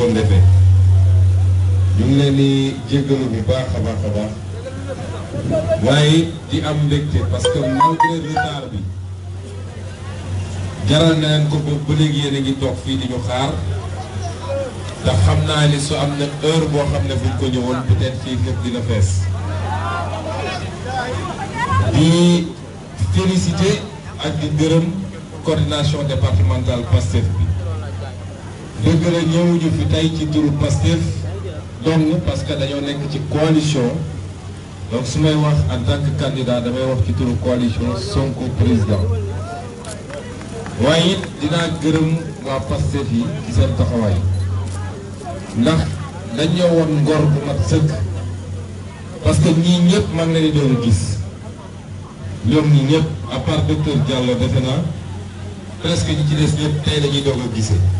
bëggoon defee ñu ngi di jéggalu bu baax a baax waaye di am mbégte parce que malgré retard bi jaral na leen ko ba léegi yéen a ngi toog fii di ñu xaar ndax xam naa ni su am na heure boo xam ne buñ ko ñëwoon peut-être fii fépp dina fees di félicité ak di gërëm coordination départementale PASTEF bi. dëgg la ñëwuñu fi tey ci turu Pastef donc parce que dañoo nekk ci coalition donc su may wax en tant que damay wax ci turu coalition Sonko président waaye it dinaa gërëm waa Pastef yi ci seen taxawaay ndax dañ ñoo woon ngor bu mat sëkk parce que ñii ñëpp maa ngi leen di doon gis ñoom ñëpp à part docteur Diallo defe naa presque ñi ci des ñëpp tey la ñuy a gisee.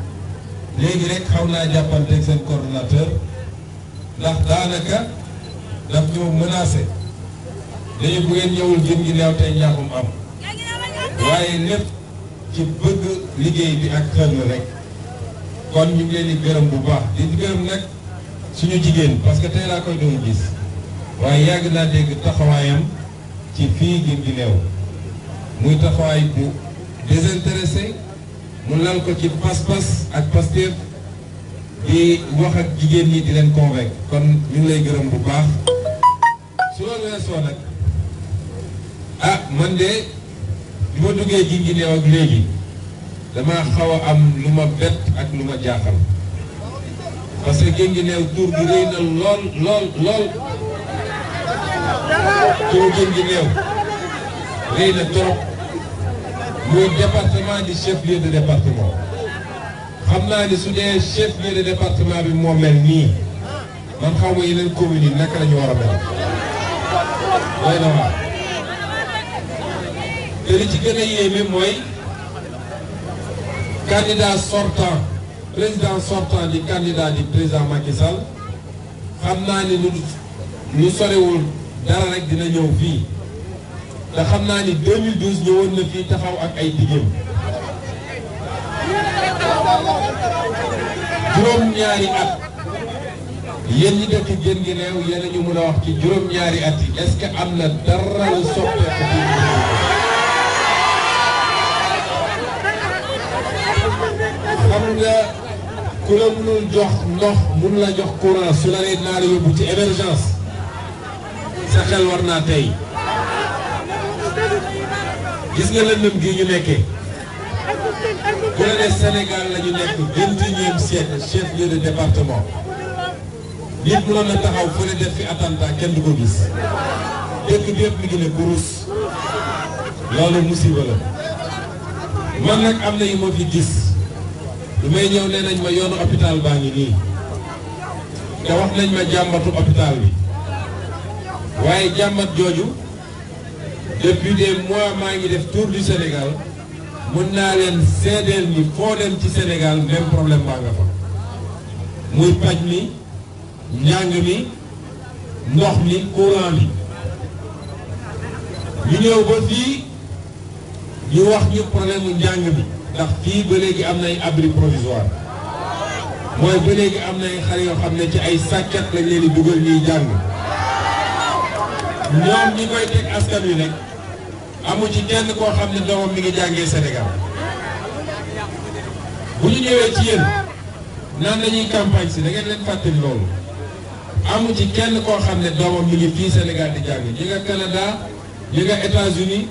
léegi rek xaw naa jàppal jàppanteeg seen coordonnateur ndax daanaka daf ñoo menacé dañu bu ngeen ñëwul gën gi neew tey ñaaxum am waaye lépp ci bëgg liggéey bi ak xel rek kon ñu ngi leen di gërëm bu baax di gërëm nag suñu jigéen parce que tey laa koy doon gis waaye yàgg naa dégg taxawaayam ci fii gën gi neew muy taxawaay bu désintéressé mu lal ko ci pas-pas ak pasteur di wax ak jigéen ñi di leen convaincre kon ñu ngi lay gërëm bu baax su loolu weesoo nag ah man de li ma duggee ji ak léegi dama xaw a am lu ma bett ak lu ma jaaxal parce que Guinguinéo tur bi rëy na lool lool lool tur Guinguinéo rëy na trop muy département di chef lieu de département xam naa ni su dee chef lieu de département bi moo mel nii man xaw ma yeneen communes yi naka lañu war a mel doy na waar te li ci gën a yéeme mooy candidat sortant président sortant di candidat di président Macky Sall xam naa ni lu lu sorewul dara rek dina ñëw fii لخمنا ل 2012 نيوان في تخاو اك اي ديجيم جروم نياري ات يين ني دك جين جي ريو يي لا نيو مولا واخ تي جروم نياري ات اسك امنا درا سوبي خمدا كولا مونول جوخ نوخ مون لا جوخ كوران سولاري نار يوبو تي ايمرجانس سا خيل ورنا تاي gis nga lëndëm gi ñu nekkee bu la nee Sénégal la ñu nekk vingt-et-unième chef de département nit mënoon na taxaw fu ne def fi attentat kenn du ko gis dëkk bi yëpp mi ne kurus loolu musiba la man nag am na yu ma fi gis lu may ñëw nee nañ ma yoonu hôpital baa ngi nii te wax nañ ma jàmbatu hôpital bi waaye jàmbat jooju depuis des mois maa ngi def tour du Sénégal mun naa leen seedeel ni foo dem ci Sénégal même problème baa nga fa muy paj mi njàng mi ndox mi courant bi ñu ñëw ba fii ñu wax ñu problème mu njàng bi ndax fii ba léegi am nay abri provisoire mooy ba léegi am nay xale yoo xam ne ci ay sàkket lañ leen di dugal ñuy jàng ñoom ñi koy teg askan wi rek amu ci kenn koo xam ne doomam li ngi jàngee Sénégal bu ñu ñëwee ci yéen naan lañuy campagne si da leen fàttali loolu amu ci kenn koo xam ne doomam mi ngi fii Sénégal di jàng ñi nga Canada ñi nga États-Unis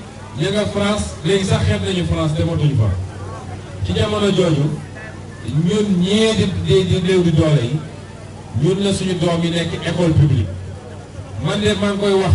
France léegi sax xeet nañu France dematuñu fa ci jamono jooju ñun ñee di di di doole yi ñun la suñu doom yi nekk école publique man de maa ngi koy wax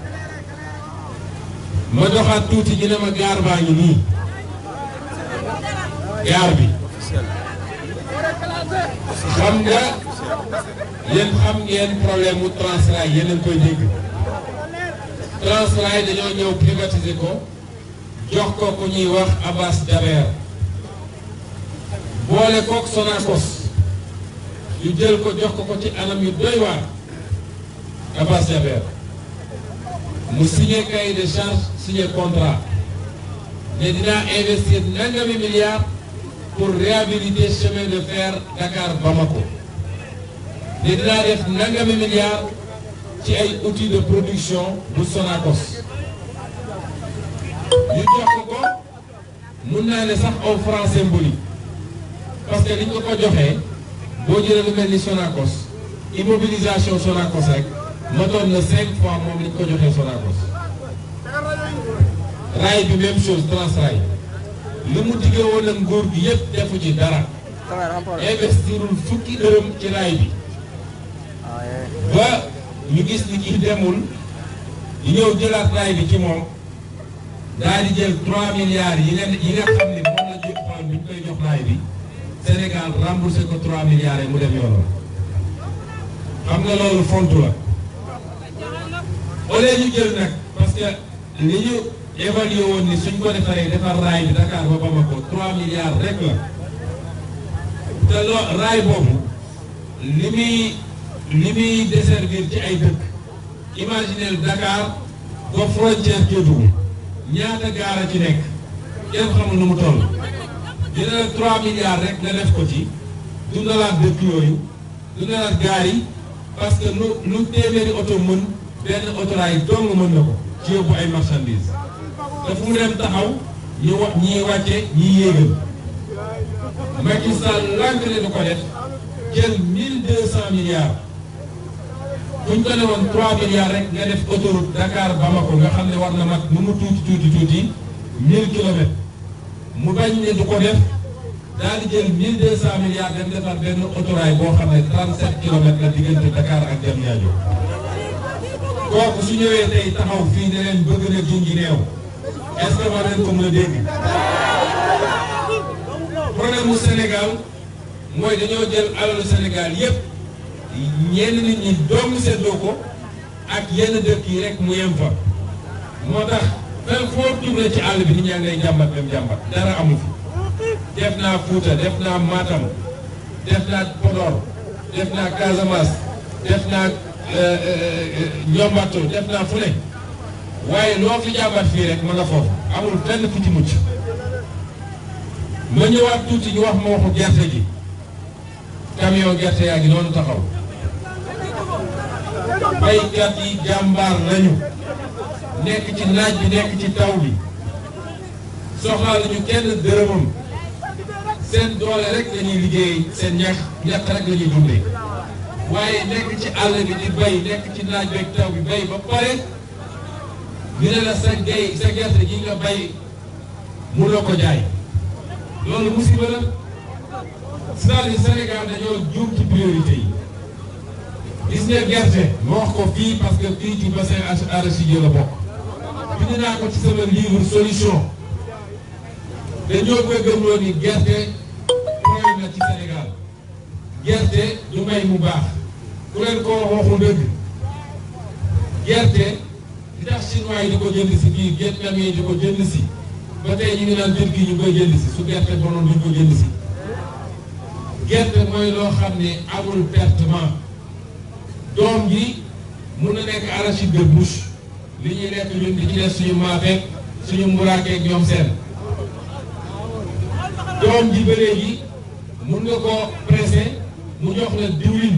ma doxat touti ñu neuma gar baangi ni gar bi xam nga yeen xam ngeen problème mu Transrail yéen a koy dégg Transrail dañu ñew privatiser ko jox ko ku ñuy wax Abbas Jaber boole sona kos ñu jël ko jox ko ko ci anam yu doy war Abbas Jaber Nous signons un cahier de charge le contrat Nous dina investir 9 milliards pour réhabiliter le chemin de fer Dakar Bamako dina investir 9 milliards pour les outils de production du sonacos Nous jox ko ko mën symbolique. parce que nous ko ko joxé bo pour réhabiliter sonacos immobilisation sonacos matoon na cinq fois moom lañ ko joxee Sonacos raay bi même chose Transrail li mu diggee woon nguur gi yëpp defu ci dara investirul fukki dërëm ci raay bi ba ñu gis ni kii demul di ñëw jëlaat raay bi ci moom daal di jël 3 milliards yi leen yi nga xam ne moom la joxoon bi ñu koy jox raay bi Sénégal remboursé ko 3 milliards yi mu dem yoonam xam nga loolu fontu la au lieu ñu jël nag li ñu évalué woon ni suñ ko defaree defar raay bi Dakar ba Bamako 3 milliards rek la te loo raay boobu li muy li muy desservir ci ay dëkk imaginez Dakar ba frontière Kédougou ñaata gaara ci nekk kenn xamul nu mu toll dina la 3 milliards rek nga def ko ci dundalaat dëkk yooyu dundalaat gaar yi lu lu téeméeri oto mën. benn autorail dong mën na ko ci yóbbu ay marchandises te fu mu dem taxaw ñu wa ñiy wàcce ñiy yéegal Macky Sall lànk ne du ko def jël mille deux cent milliards buñ ko ne woon trois milliards rek nga def autoroute Dakar Bamako nga xam ne war na mat nu mu tuuti tuuti tuuti mille kilomètres mu bañ ne du ko def daal di jël mille deux cent milliards dem defar benn autorail boo xam ne trente sept kilomètres la diggante Dakar ak Diamniadio kooku su ñëwee tey taxaw fii ne leen bëgg na junj néew est-ce que war dégg problème mu Sénégal mooy dañoo jël alalu Sénégal yépp yenn nit ñi doomu seddoo ko ak yenn dëkk yi rek mu yem moo tax fenn foo tuble ci àll bi nit ñaa ngi lay jàmbat dem jàmbat dara amu fi def naa Fuuta def naa Matam def naa Podor def naa Casamance def naa Euh, euh, euh, ñombatoo def naa fu ne waaye loo fi jàmbat fii rek ma nga foofu amul benn ku ci mucc ma ñëwaat tuuti ñu wax ma waxu gerte gi camion gerte yaa ngi noonu taxaw baykat yi jàmbaar lañu nekk ci naaj bi nekk ci taw bi soxlaa lañu kenn dërëmam seen doole rek lañuy liggéey seen ñax ñax rek lañuy dundee waaye nekk ci àll bi di bay nekk ci naaj beeg taw bi bay ba pare dina la sa gay sa gerte gi nga bay mënoo ko jaay loolu musiba si c'est-à-dire Sénégal dañoo juum ci priorité yi gis nga gerte ma ko fii parce que fii ci bassin arachidier la bokk bind naa ko ci sama livre solution dañoo koy gëmloo ni gerte mooy na ci gerte du may mu baax ku leen ko waxul dëgg gerte di tax di ko jënd si kii vietnam yi di ko jënd si ba tey ñu ngi naan turquie ñu koy jënd si su gerte bonoon duñ ko jënd si gerte mooy loo xam ne amul pertement doom gi mun na nekk arachide de bouche li ñuy lekk ñun di ci def suñu maafeek suñu mburaakeek ñoom seen doom ji ba léegi mun nga ko pressé mu jox la diwlin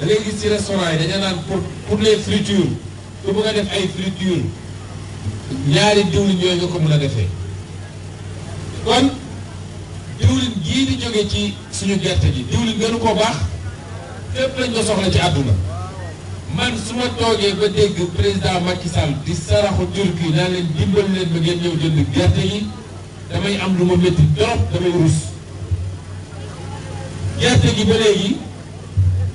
da ngay gis ci restaurant yi dañu naan pour pour les fritures ku bëgg a def ay fritures ñaari diwlin yooyu nga ko mën a defee kon diwlin gii di jóge ci suñu gerte gi diwlin gënu ko baax fépp lañ ko soxla ci àdduna man su ma toogee ba dégg président Macky Sall di saraxu turki naan leen dimbal leen ba ngeen ñëw jënd gerte yi damay am lu ma métti trop damay rus gerte gi ba léegi.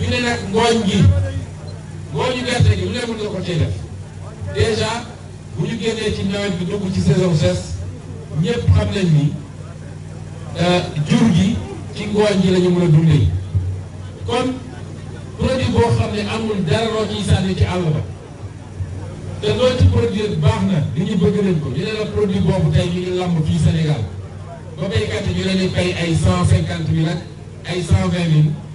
ñu ne nag ngooñ gi ngooñu gerte gi lu ne mën nga ko cee def dèjà bu ñu génnee ci nawet bi dugg ci saison sèche ñëpp xam nañ ni euh, jur gi ci ngooñ gi la ñu mën a dundee kon produit boo xam ne amul dara loo ciy sànni ci àll ba te loo ci produire baax na li ñu bëgg nañ ko ñu ne la produit boobu tey ñu ngi lamb fii Sénégal ba béykat yi ñu leen di fay ay cent cinquante mille ak ay cent vingt mille.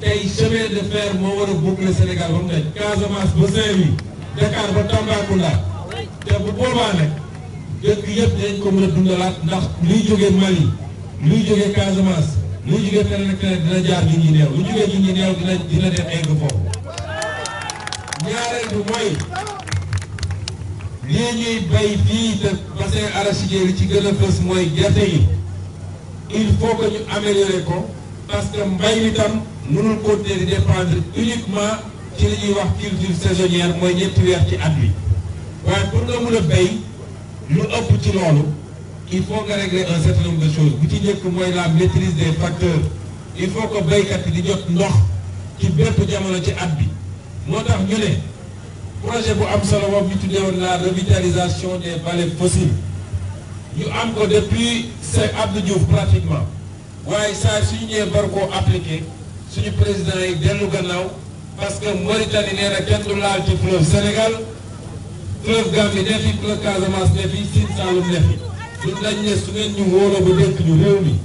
tey chemin de moo war a boucler Sénégal ba mu Casamance ba Saint-Louis Dakar ba Tambacounda te bu boobaa nag dëkk yëpp dañ ko mën a dundalaat ndax luy jógee Mali luy jógee Casamance luy jógee feneen ak dina jaar li ñuy neew lu jógee li ñuy neew dina dina dem egg foofu ñaareel bi mooy lii ñuy bay fii te bassin arachidier li ci gën a fës mooy gerte yi il faut que ñu améliorer ko parce mbay mi tam. Nous continuer de dépendre uniquement ci la wax culture saisonnière mooy ñetti weer ci at wi pour nga nous a béy lu ëpp ci il faut que régler un certain nombre de choses bu ci njëkk mooy la maîtrise des facteurs il faut que béykat bi di jot ndox ci bépp jamono ci at bi ñu projet bu am solo de ñu la revitalisation des vallées fossiles ñu am ko depuis Abdou Diouf pratiquement waaye ça suñu ñëwee war koo appliqué. suñu président yi dellu gannaaw parce que Mauritanie a na kenn du laal ci fleuve Sénégal fleuve Gambie ne fi fleuve Casamance ne fi Sine Saalum ne fi duñ ne su ngeen ñu wóoloo ba dénk ñu réew mi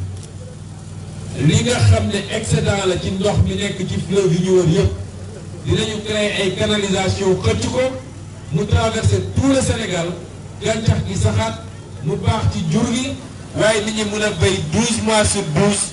li nga xam ne excédent la ci ndox mi nekk ci fleuve yi ñu wër yëpp dinañu créer ay canalisation xëcc ko mu traverser tout le Sénégal gàncax gi saxaat mu baax ci jur gi waaye nit ñi mun a béy 12 mois sur 12.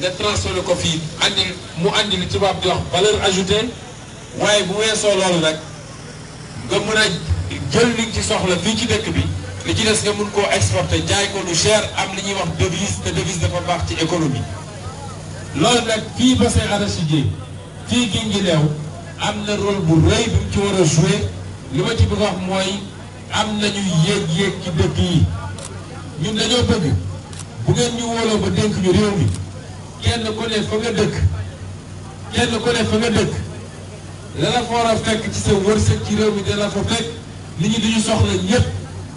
nga transformé ko fi andi mu andi li tubaab di wax valeur ajoutée waye bu wéso lolou nag nga mën jël li ci soxla fi ci dëkk bi li ci dess nga mun ko exporter jaay ko lu cher am li ñuy wax devise te devise dafa baax ci économie loolu nag fii bassin arachidier fii gi ngi lew am na rôle bu reuy bu ci wara jouer li ma ci bëgg wax mooy am nañu yéeg-yéeg ci dëkk yi ñun dañoo bëgg bu ngeen ñu wóoloo ba dénk ñu réew mi kenn ku ne fa nga dëkk kenn ku fa nga dëkk la fekk ci sa wërsëg ci réew mi da la fa fekk nit ñi duñu soxla ñëpp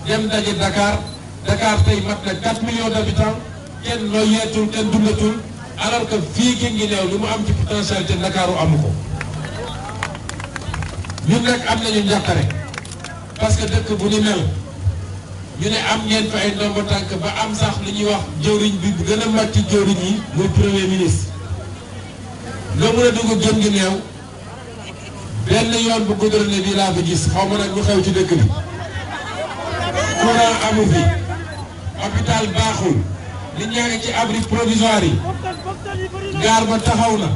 dem daje Dakar Dakar tey mat na 4 millions d'habitants kenn noyyeetul kenn dundatul alors que fii gi ngi neew li mu am ci potentialité Dakar amu ko ñun nag am nañu njàqare parce que dëkk bu ni mel. ñu ne am ngeen fa ay ndombo tànk ba am sax li ñuy wax jëwriñ bi bu mag ci jëwriñ yi muy premier ministre loo mën a dugg gën gi neew benn yoon bu goudronné bi laa fa gis xaw ma nag lu xew ci dëkk bi courant amu fi hôpital baaxul nit ñaa ngi ci abri provisoire yi gaar ba taxaw na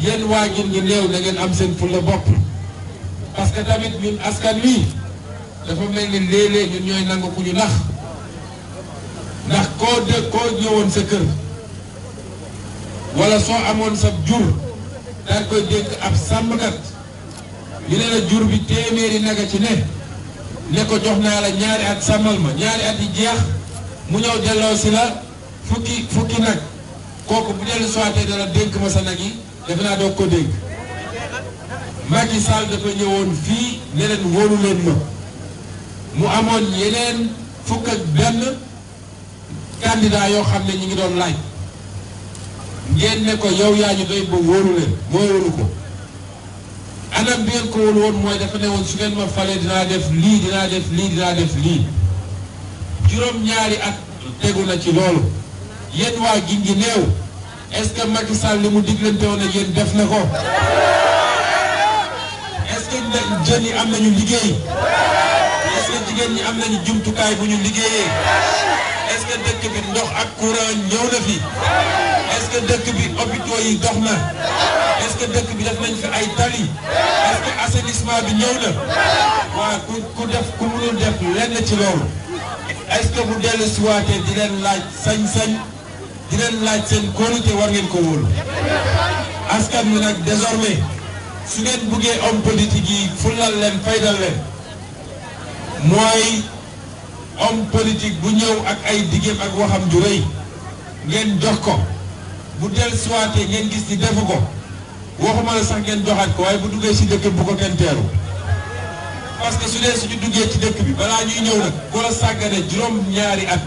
yéen waa gin gi néew da am seen fulla bopp parce que tamit ñun askan wi dafa mel ni léeg-léeg ñun ñooy nangu ku ñu nax ndax koo de koo ñëwoon sa kër wala soo amoon sa jur daan koy dénk ab sàmmkat ñu ne la jur bi téeméeri naga ci ne ne ko jox naa la ñaari at sàmmal ma ñaari at yi jeex mu ñëw delloo si la fukki fukki nag kooku bu dellu soité dala dénk ma sa nag yi defe naa doog ko dénk Macky Sall dafa ñëwoon fii ne leen wóolu leen ma mu amoon yeneen fukk ak benn candidat yoo xam ne ñu ngi doon laaj ngeen ne ko yow yaa ñu doy ba wóoru leen moo wóoru ko anam bi ngeen ko wóolu woon mooy dafa ne woon su ngeen ma falee dinaa def lii dinaa def lii dinaa def juróom-ñaari at tegu na ci loolu yéen waa gi ngi néew est-ce que Macky Sall li mu diglante woon ak yéen def na ko est-ce que jeunes yi am nañu liggéey jigéen ñi am nañu jumtukaay bu ñu liggéeyee est-ce que dëkk bi ndox ak courant ñëw na fi est que dëkk bi hôpitaux yi dox na est-ce que dëkk bi def nañ fi ay tali est-ce que assainissement bi ñëw na waaw ku ku def ku mënul def lenn ci di leen laaj sañ-sañ di leen laaj seen kóolute war ngeen ko wóolu askan wi nag désormais su leen buggee homme politique yi fulal leen faydal leen mooy homme politique bu ñëw ak ay diggéem ak waxam ju rëy ngeen jox ko bu del suwaatee ngeen gis ni defu ko waxuma la sax ngeen joxaat ko waaye bu duggee si dëkk bu ko kenn teeru parce que su dee suñu duggee ci dëkk bi balaa ñuy ñëw nag ku la juróom ñaari at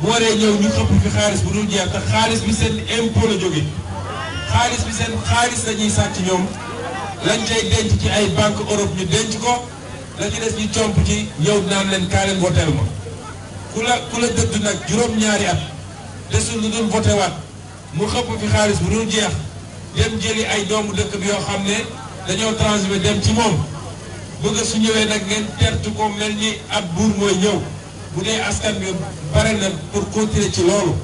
bu waree ñëw ñu xëpp fi xaalis bu dul jeex te xaalis bi seen impôt la jóge xaalis bi seen xaalis la ñuy sàcc ñoom lañ cay denc ci ay banque Europe ñu denc ko la ci des ñu comp ci ñëw naan leen kaa leen votel ma ku la ku la dëdd nag juróom-ñaari at desul lu dul voté waat mu xëpp fi xaalis bu dul jeex dem jëli ay doomu dëkk bi yoo xam ne dañoo transmet dem ci moom bëgg su ñëwee nag ngeen tertu koom mel ni ab buur mooy ñëw bu dee askan bi bare na pour continuer ci loolu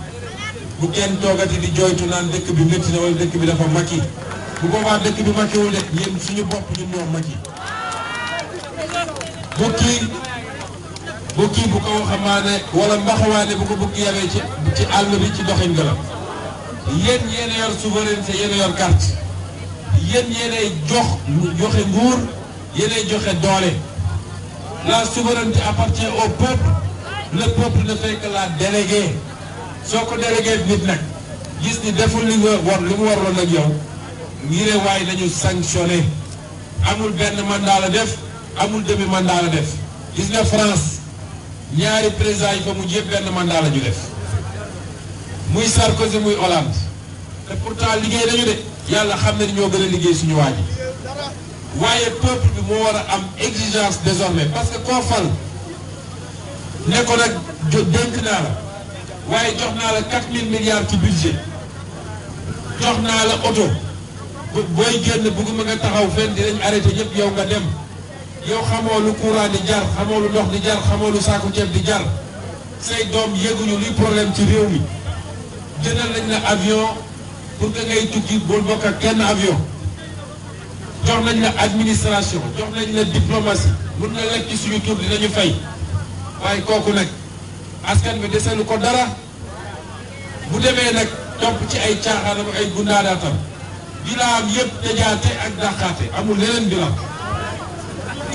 bu kenn toogati di jooytu naan dëkk bi métti na wala dëkk bi dafa makki bu boobaa dëkk bi makkiwul de ñun suñu bopp ñun ñoo makki. bukki bukki bu ko waxamaane wala mbaxawaane bu ko bukki yabee ci ci àll bi ci doxin galam yéen yéen yor souveraineté yéen yor carte yéen yéenay jox joxe nguur yéenay joxe doole la souveraineté appartient au peuple le peuple ne fait que la soo ko délégué nit nag gis ni deful li nga war li mu waroon ak yow ngir waaye dañu sanctionné amul benn mandat la def. amul demi mandat la def gis nga France ñaari président yi fa mu jéem benn mandat la ñu def muy Sarkozy muy Hollande te pourtant liggéey nañu de yàlla xam ne ñoo gën a liggéey suñu waa ji waaye peuple bi moo war a am exigence désormais parce que koo fal ne ko nag dénk naa la waaye jox naa la 4000 milliards ci budget jox naa la oto boy génn bëgguma nga taxaw fenn dinañ arrêté ñëpp yow nga dem. yow xamoo lu courant di jar xamoo lu ndox di jar xamoo lu saaku ceeb di jar say doom yëguñu luy problème ci réew mi jëndal nañ la avion pour que ngay tukki bul bokk ak kenn avion jox nañ la administration jox nañ la diplomatie mun na lekk ci suñu tur dinañu fay waaye kooku nag askan bi deselu ko dara bu demee nag topp ci ay caaxaanam ay gundaadaatam bilaam yëpp dajaate ak dàqaate amul leneen bilaam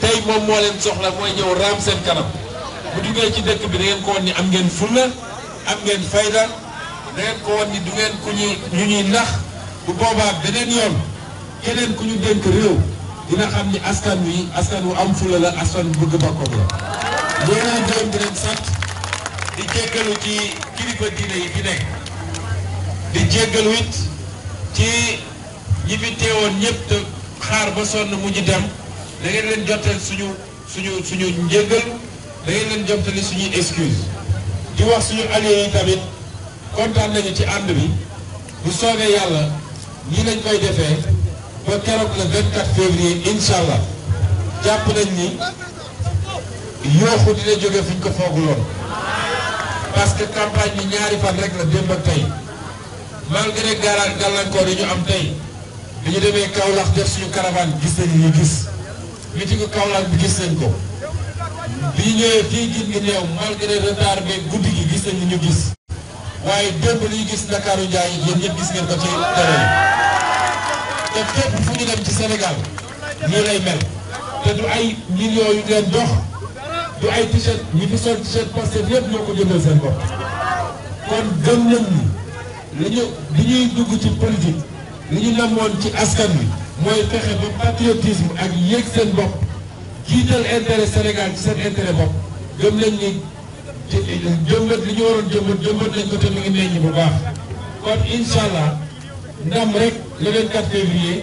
tey moom moo leen soxla mooy ñëw raam seen kanam bu duggee ci dëkk bi da ngeen ko wan ni am ngeen fulla am ngeen fayda da ngeen ko wan ni du ngeen ku ñuy ñu ñuy nax bu boobaa beneen yoon keneen ku ñu dénk réew dina xam ni askan wi askan wu am fulla la askan bu bëgg bokkoom la. loolu doon di leen sant di jéggalu ci kilifa diine yi fi nekk di jéggalu it ci ñi fi teewoon xaar ba sonn mujj dem. da leen jottali suñu suñu suñu njëggal da ngeen leen jottali suñuy excuse di wax suñu alliés yi tamit kontaan nañu ci ànd bi bu soobee yàlla nii lañ koy defee ba keroog le 24 février incha allah jàpp nañ ni yooxu dina jóge fuñ ko fooguloon parce que campagne bi ñaari fan rek la démb ak tey malgré gàllankoor yi ñu am tey dañu demee Kaolack def suñu caravane gis nañu ñu gis. meetingu Kaolack bi gis nañ ko bi ñëwee fii gis ngi néew retard beeg guddi gi gis nañ li ñu gis waaye démb li gis Ndakaaru Njaay yéen ñëpp gis ngeen ko ci terrain te fépp dem ci Sénégal lii lay mel te du ay millions yu leen dox du ay t-shirt ñi fi sol t-shirt ñoo ko jëndal seen bopp kon gëm nañ li ñu li ñuy dugg ci politique li ñu namoon ci askan wi mooy fexe ba patriotisme ak yéeg seen bopp jiital intérêt Sénégal ci seen intérêt bopp gëm nañ ni jëmbat li ñu waroon jëmbat jëmbat nañ ko te mu ngi meññ bu baax kon incha allah ndam rek le 24 février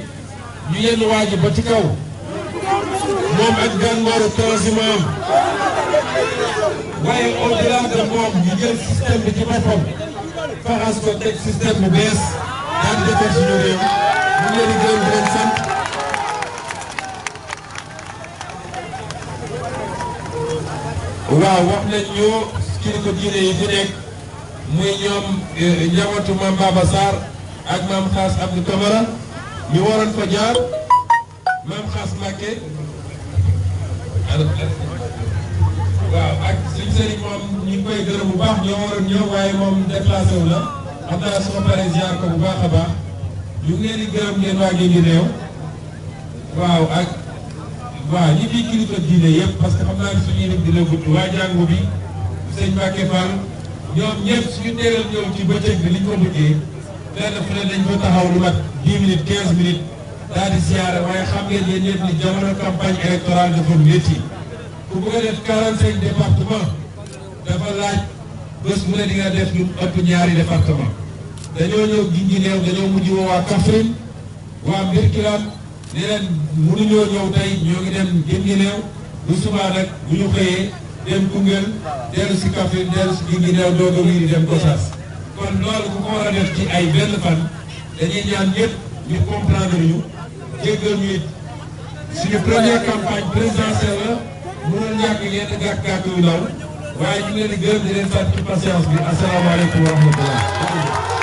ñu yenn waaji ba ci kaw moom ak gàngooru transhumance am waaye au delà moom ñu jël système bi ci boppam faxas ko teg système bu bees daan defar suñu réew ñu ngi leen di gërëm di leen sant waaw wax nañ ñu kilifa diine yi fi nekk muy ñoom njabootu maam Baba Sarr ak maam Xaas Abdou Camara ñu waroon fa jaar maam Xaas Mbacke waaw ak suñ sëriñ moom ñu ngi koy gërëm bu baax ñoo waroon ñëw waaye moom déplacé wu la xam naa su ma paree ziar ko bu baax a baax. ñu ngi di gërëm ngeen waa Guinguinéo réew waaw ak waaw ñi fi kilifa diine yëpp parce que xam naa ne suñuy lim dina gudd waa jàngu bi sëñ Mbacke ñoom ñëpp suñu teelal ñëw ci bëccëg bi liñ ko duggee benn fu ne dañ fa taxaw lu mat 10 minutes 15 minutes daal di siyaare waaye xam ngeen yéen ñëpp ni campagne électorale dafa métti ku bëgg a def 45 département dafa laaj bés mu ne di nga def lu ëpp ñaari département dañoo ñëw Guinguinéo dañoo mujj woo waa Kaffrine waa Birkilan ne leen mënuñoo ñëw tey ñoo ngi dem Guinguinéo bu subaa nag bu ñu xëyee dem Koungheul dellu si Kaffrine dellu si Guinguinéo doog a wii dem Gossas kon loolu ku ko war def ci ay benn fan dañuy ñaan ñëpp ñu comprendre ñu jéggal ñu it suñu première campagne présidentielle la mënul ñàkk yenn gàkk yu ndaw waaye ñu ngi leen di gërëm di leen sant ci patience bi asalaamaaleykum wa rahmatullah